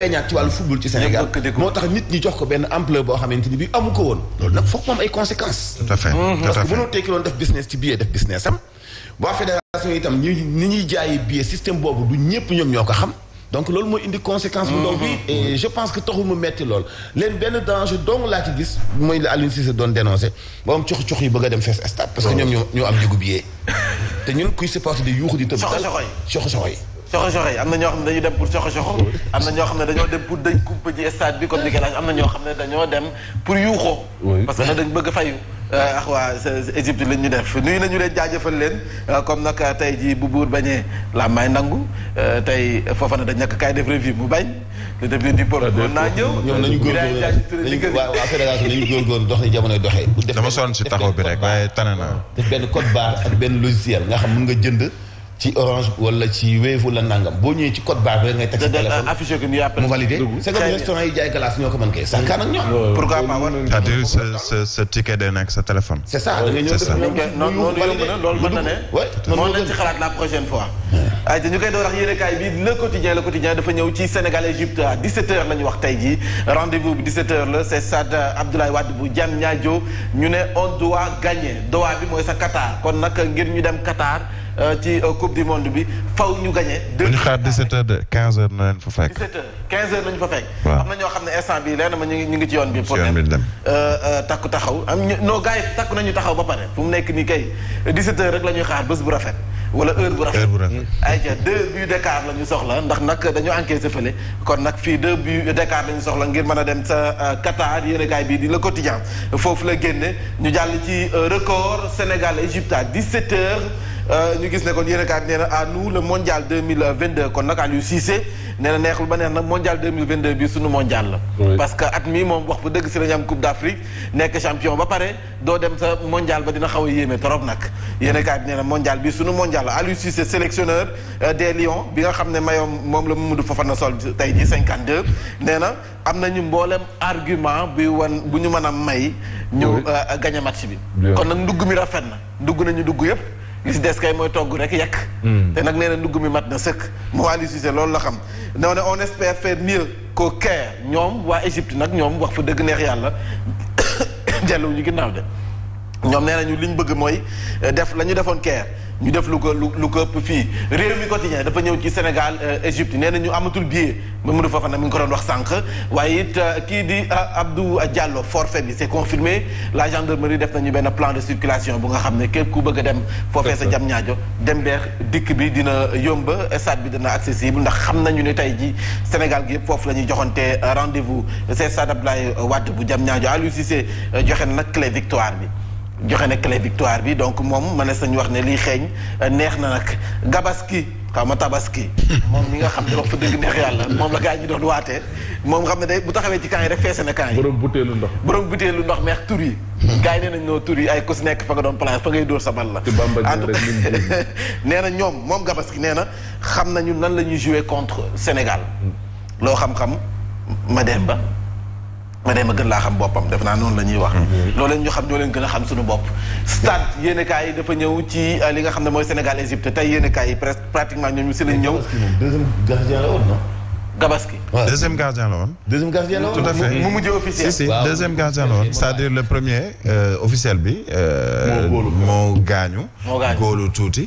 football Sénégal tout à fait système donc indi mm-hmm. et je pense que taxul mu metti danger la dénoncé parce que oh. ñoo am billet soxo soxo yi am na ñoo xam ne dañu dem pour soxo soxo am na ñoo xam ne dañoo dem pour dañ kumpa ji stade bi comme ni am na ñoo xam ne dañoo dem pour yuuxoo parce que nag dañ bëgg fayu ah waa Égypte ñu def nuyu nañu leen jaajëfal leen euh, comme nag euh, tey ji bu buur bañee la may nangu tey foofa na dañ ñàkk kaay def revue mu bañ le député du port mën naa ñëw ñoom nañu góorgóorlu waa fédération nañu dox ni jamonoy doxee dama sonn si taxaw bi rek waaye tane na def benn code barre ak benn logiciel nga jënd ci orange wala ci wave la nangam bo ñëwee ci code barre ngay teg sa téléphone affiché ko ni après mu validé c'est que restaurant yi jaay glace ñoko ko mën kay sànkaan ak ñoom pourquoi pas war c'est-à-dire sa sa ticket day nekk sa téléphone c'est ça da nga ñëw def non non yomb na loolu mën na ne moom lañ ci xalaat la prochaine fois ay dañu koy do wax yéene kay bi le quotidien le quotidien dafa ñëw ci Sénégal Égypte à 17h la wax tay ji rendez-vous bi 17h le c'est Sad Abdoulaye Wade bu Diamniadio ñu ne on doit gagner Doha bi moy sa Qatar kon nak ngir ñu dem Qatar Euh, ci euh, coupe du monde bi faw ñu gagné. deux ñu xaar 17 heures de 15 heures na leen fa fekk. 17 heures 15 heures fa fekk. am na ñoo xam ne instant bi leer na ma ñu ngi ñu ngi ci yoon bi. pour dem euh, takku taxaw am ñu non gars yi nañu taxaw ba pare fu nekk nii kay 17 heures rek la ñuy xaar bés bu rafet. wala heure bu rafet bu rafet. Mm. ayca la ñu soxla ndax nag dañoo encaissé fële kon nag fii deux buts d'écart la ñu soxla ngir mën a dem sa Qatar yéen kaay bii di le quotidien foofu la génne ñu jàll ci record Sénégal Égypte à 17 heures. Euh, ñu gis ne kon yéen a kaat nee na à nous vingt mondial 2022 kon nag Aliou Cissé nee na neexul ba neex nag mondial 2022 bi suñu mondial la parce que at mi moom wax ba dëgg si la ñu am coupe d' nekk champion ba pare doo dem sa mondial ba dina xaw a yéeme trop nag yéen a kaat nee na bi suñu mondial la Aliou Cissé sélectionneur euh, des Lions bi nga xam ne mayoom moom la Mamadou Fofana sol tey ji 52 nee na am nañu mboolem argument bu wan bu ñu mën a may ñu euh, gañe match bi kon nag ndugg mi rafet na ndugg nañu dugg yëpp li si des kay mooy togg rek yekk hmm. te nag nee na ndugg mi mat na sëkk mu waa li Cissé loolu la xam nee na on espère faire mieux Caire ñoom waa Égypte nag ñoom wax fa dëgg neex yàlla dellu ñu ginnaaw de ñoom nee nañu li ñu bëgg mooy euh, def la ñu defoon Caire ñu def lu ko lu ko Sénégal Égypte nee Nous amatul mi ngi ko wax euh, euh, Abdou Diallo forfait c'est confirmé la gendarmerie def nañu benn plan de circulation bu nga nous ne ku dem sa dem bi dina stade bi dina accessible ndax xam nañu Sénégal gi yëpp foofu la euh, rendez-vous c'est bu clé victoire joxe na clé victoire bi donc mom mané sañ wax né lii xeeñ neex na nak gabaski xaw ma tabaski moom mi nga xam ne wax fa deug neex yalla mom la gaay ñi doon waté mom xam ne bu taxawé ci camp rek fessé na camp yi borom butéelu ndox borom butéelu ndox meex tour yi hmm. gaay né nañ no tour yi ay ko si nekk fa nga doon plan fa ngay door sa bal la né na ñom mom gabaski né na xam nañu nan lañu jouer contre Sénégal hmm. lo xam-xam ba ma dee ma gën laa xam boppam def naa noonu la wax mm-hmm. loolu ñu xam ñoo leen gën a xam suñu bopp stade yéen yi dafa ñëw ci euh, li nga xam ne mooy Sénégal Égypte tey yéen kaay yi presque pratiquement ñoom ñu si lañ ñëw deuxième gardien la woon non Gabaski deuxième gardien la woon deuxième gardien la woon tout à fait mu mujjee officiel si si deuxième gardien la woon cest dire le premier euh, officiel bi euh, moo gaañu góolu tuuti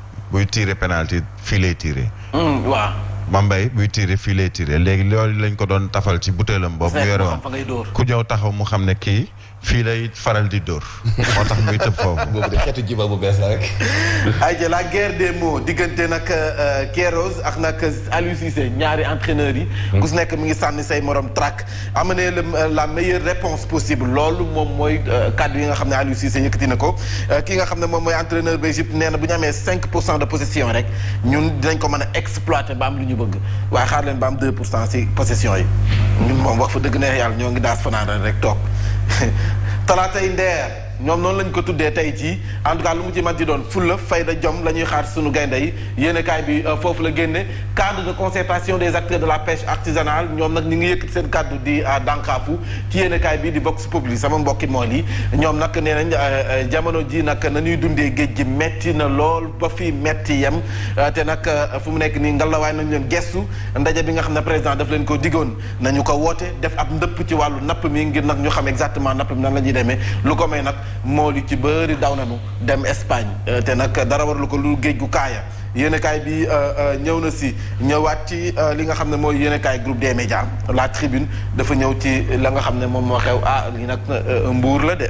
buy tirer penalty fii lay tirer. Mm, waaw. Mambay buy tiire fii lay tiire léegi loolu lañ ko doon tafal ci butéelam boobu mu yore woon ku ñëw taxaw mu xam ne kii fii lay faral di dóor moo tax muy tëb foofu boobu de xeetu jiba bu bees la rek euh, ñaari entraîneurs yi hmm. ku si nekk mi ngi sànni say morom track amener euh, la meilleure réponse possible loolu moom mooy euh, kàddu yi nga xam ne Aliou yëkkati na ko ki nga xam ne moom mooy entraîneur ba Égypte nee na bu ñu amee de possession rek ñun dinañ ko mën a exploiter ba am lu ñu bëgg waaye xaar leen ba am 2 pour cent si possession yi moom wax fa dëgg neex yàlla ñoo ngi daas fanaan rek toog talaatay ndeer ñoom noonu lañ ko tuddee tey jii en tout lu mu ci manti doon fulla fayda jom la ñuy xaar suñu gaynde yi yéene kaay bi euh, foofu la génne cadre de concertation des acteurs de la pêche artisanale ñoom nag ñu ngi yëkkati seen kàddu di euh, dànkaafu ci yéene kaay bi di vox populi sama mbokki mool yi ñoom nag nee nañ euh, jamono ji nag nañuy dundee géej gi metti na lool ba fii metti yam te nag fu mu nekk nii ngalawaay nañ leen gestu ndaje bi nga xam ne président daf leen ko digoon nañu ko woote def ab ndëpp ci wàllu napp mi ngir nag ñu xam exactement napp mi nan la ñuy demee lu ko may nag mool yu ci bari daw nañu dem Espagne euh, te nag dara warlu ko lu géej gu kaaya yéenekaay bi euh, euh, ñëw na si ñëwaat ci li nga xam ne mooy yéenekaay groupe de médias la tribune dafa ñëw ci la nga xam ne moom moo xew ah lii nag mbuur la de.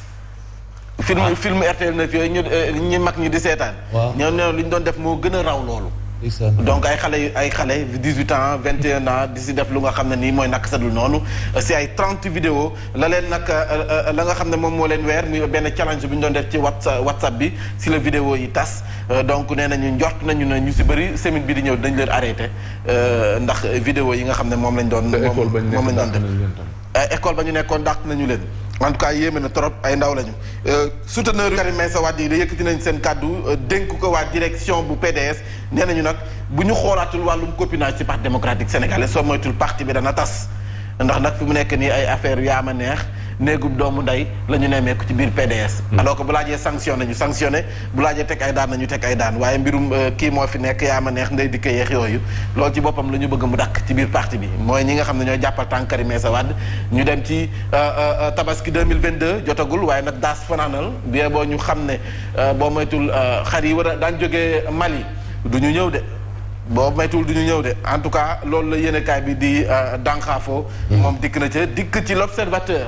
film film RTL 9 yooyu ñu euh, ñi mag ñi di seetaan. waaw ñoom ñoo li ñu doon def moo gën raw loolu. donc ay xalé ay xalé 18 ans 21 ans di si def lu nga xamné ni moy mooy nak sadul nonu euh, si ay 30 vidéos la leen nak euh, la nga xamné mom mo moo leen weer muy ben challenge buñ doon def ci whatsapp whatsapp bi ci la vidéo yi tas donc nee nañu njort nañu ne ñu ci bari semaine bi di ñew dañ leen arrêté ndax vidéo yi nga xamné mom lañ doon mom lañ doon école bañu ñu dak nañu leen en tout cas yéeme na trop ay ndaw lañu euh, souteneur Karim Meïssa Wade yi da yëkk nañ seen kàddu euh, dénk ko waa direction bu PDS nee nañu nag bu ñu xoolaatul wàllum copinage ci parti démocratique sénégalais soo moytul parti bi dana tas ndax nag fi mu nekk nii ay affaire yu yaama neex néegub doomu nday la ñu nemmeeku ci biir PDS. Hmm. alors que bu laajee sanctionné ñu sanctionné bu laajee teg ay daan nañu teg ay daan waaye mbirum euh, kii moo fi nekk yaa ma neex ndey di ko yeex yooyu loolu ci boppam la ñu bëgg mu dakk ci biir parti bi mooy ñi nga xam ne ñooy jàppal tànk Karim a Wade ñu dem ci euh, euh, tabaski 2022 jotagul waaye nag daas fanaanal bien boo ñu xam ne boo moytul xar yi war a daan jógee Mali du ñu ñëw de boo maytuwul du ñu ñëw de en tout cas loolu la yéenekaay bi di dànqaafoo hmm. moom dikk na ca dikk ci l'observateur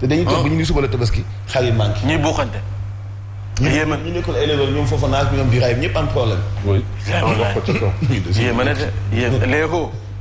te dañuy toog ba ñu ni suba la tabaski xar yi manqué. ñuy buuxante. yéema ñu nekkoon éleveur ñoom foofa naaj bi ñoom di raay ñëpp am problème. oui ko ca kaw. yéema ne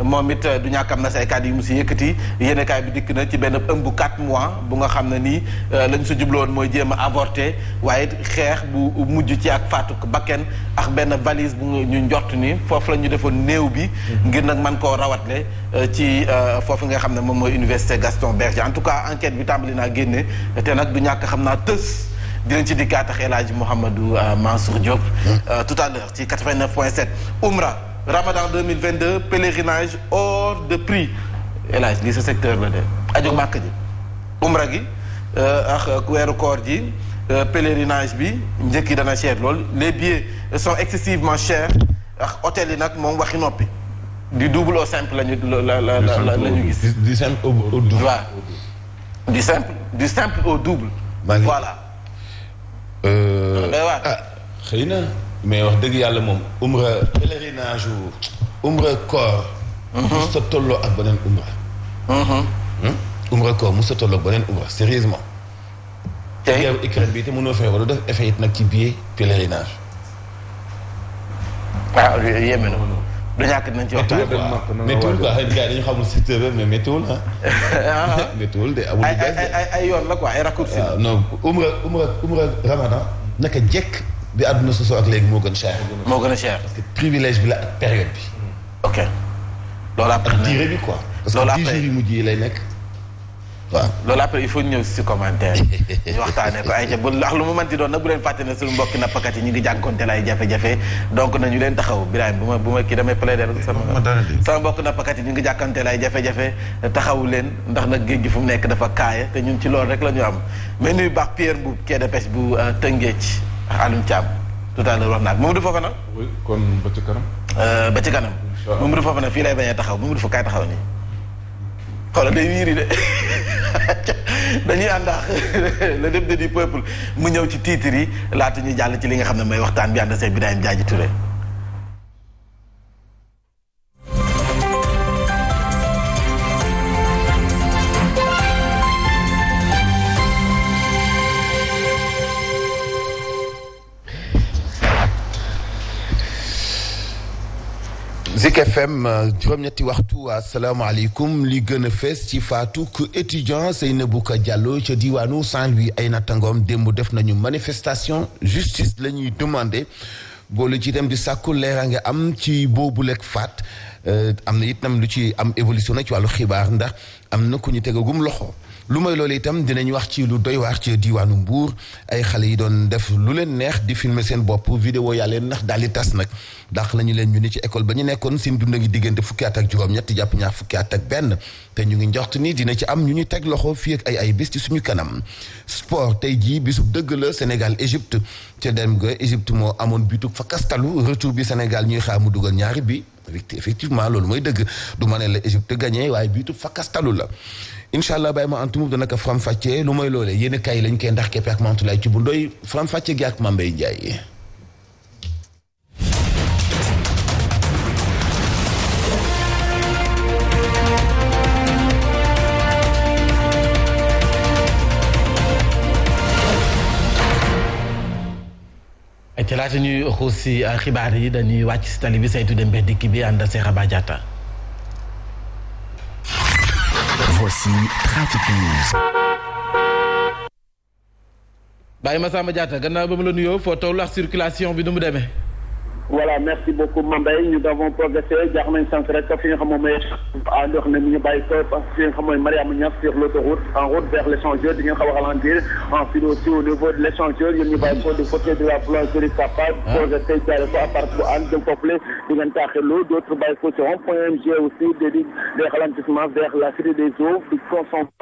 moom it du ñàkk am na say kàddu yu mu si yëkkati yéenekaay bi dikk na ci benn ëmb 4 mois bu nga xam ne ni euh, lañ sa jubloon mooy jéem a avorté waaye xeex bu mujj ci ak faatuk bakken ak benn valise bu ñu njort ni foofu la ñu defoon néew bi mm-hmm. ngir nag man koo rawatle euh, ci euh, foofu nga xam ne moom mooy université Gaston Berger en tout cas enquête bi tàmbali naa génne te nag du ñàkk xam naa tës dinañ ci dikkaat ak El Hadji Mouhamadou Mansour Diop mm-hmm. tout à l'heure ci 89 point 7 Umra Ramadan 2022 pèlerinage hors de prix hélas je ce secteur là de aju màkk ji à euh, euh, pèlerinage bi njëkk yi dana cher les billets sont excessivement chers hôtel et nag du double au simple la la du simple au double du simple au double. voilà. Euh. Ah, mais wax dëgg yàlla moom umra pèlerinage ou umra koor mhm. mu sa tolloo ak beneen umra mhm. hmm? umra koor mu sa tolloo ak beneen umra sérieusement tey yow ikram bi te mënoo fexe wala def effet it nag ci biir pèlerinage waaw ah, yéeme na du ñàkk dinañ ci waxtaan méttiwul quoi xëy na gars yi dañu xamul secteur bi mais méttiwul ah méttiwul de amul ay yoon la quoi ay raccourci non umra umra umra ramadan naka jekk bi àdduna sosoo ak léegi moo gën moo gën a cher parce que privilège bi la ak période bi. ok loolu après. bi quoi. parce loolu après il faut ñëw ñu waxtaanee ko ay ca lu mu mënti doon nag bu leen fàtte ne suñu mbokki nappkat yi ñu ngi jànkonteel ay jafe-jafe donc nañu leen taxaw Birahim bu ma bu ma kii damay plaider sama sama mbokki nappkat yi ñu ngi jànkonteel ay jafe-jafe leen ndax nag géej gi fu mu nekk dafa kaaya te ñun ci loolu rek la ñu am mais nuyu baax Pierre Mboub quai de bu euh, Tëngéej ak Alioune Thiam tout à l'heure wax naa Mamadou Fofana. oui kon ba ci kanam. Euh, ba ci kanam. incha allah Mamadou Fofana fii lay bañee taxaw Mamadou Fofana kaay taxaw nii. xoolal day wiiri de dañuy àndaax le député du peuple mu ñëw ci titre yi laata ñu jàll ci li nga xam ne mooy waxtaan bi ànd bi Birahim Diadji Touré. Zik FM euh, juróom-ñetti waxtu asalaamaaleykum li gën a fees ci faatu faatuk étudiant Seynabou Ka Diallo ca diwaanu san louis ay nattangoom démb def nañu manifestation justice la ñuy demandé boolu ci dem di sàkku leera nga am ci boobuleeg faat euh, am na itam lu ci am évolution na ci wàllu xibaar ndax am na ku ñu tegagum loxo. lu may loolu itam dinañ wax ci lu doy waar ci diwaanu mbuur ay xale yi doon def lu leen neex di filmer seen bopp vidéo yaa leen ndax daal di tas nag dàq lañu leen ñu ni ci école ba ñu nekkoon seen dund ngi diggante fukki at ak juróom-ñett jàpp ñaar fukki at ak benn te ñu ngi njort ni dina ci am ñu ñu teg loxo fii ak ay ay bis ci suñu kanam sport tey jii bisub dëgg la Sénégal Égypte ca dem ga Égypte moo amoon bituk fa kastalu retour bi Sénégal ñuy xaar mu dugal ñaari bi effectivement loolu mooy dëgg du ma ne la Égypte gagné waaye biitu fa la incha allah bàyyi ma an tumub dana ko faram fàccee lu mooy loolee yéen kaay lañ koy ndax keppe ak mantulaay ci bu ndoy faram fàcce gi ak Mambay Ndiaye ci laata ñuy xuus si xibaar yi dañuy wàcc si tali bi saytu dem bex dikk bi àndal see xaba jaata Voici Trafic News. Baye Massamba Diatta gannaaw ba mu la nuyoo foo toll ak circulation bi nu mu demee. voilà merci beaucoup Mambay nous avons progressé jaax nañ sànq fi nga xam moom mooy àndox ne mi ñu bàyyi ko parce que fi nga xam mooy Mariama Niass sur l'autoroute en route vers l'échangeur di ngeen xaw a ralentir en file aussi au niveau de l'échangeur yéen ñu bàyyi ko du côté de la boulangerie Papa ah. progressé jaare ko à partir bu ànd jëm foofu la di ngeen taaxirlu d'autres bàyyi ko si rond point MG aussi dédi des ralentissements vers la cité des eaux fi concentré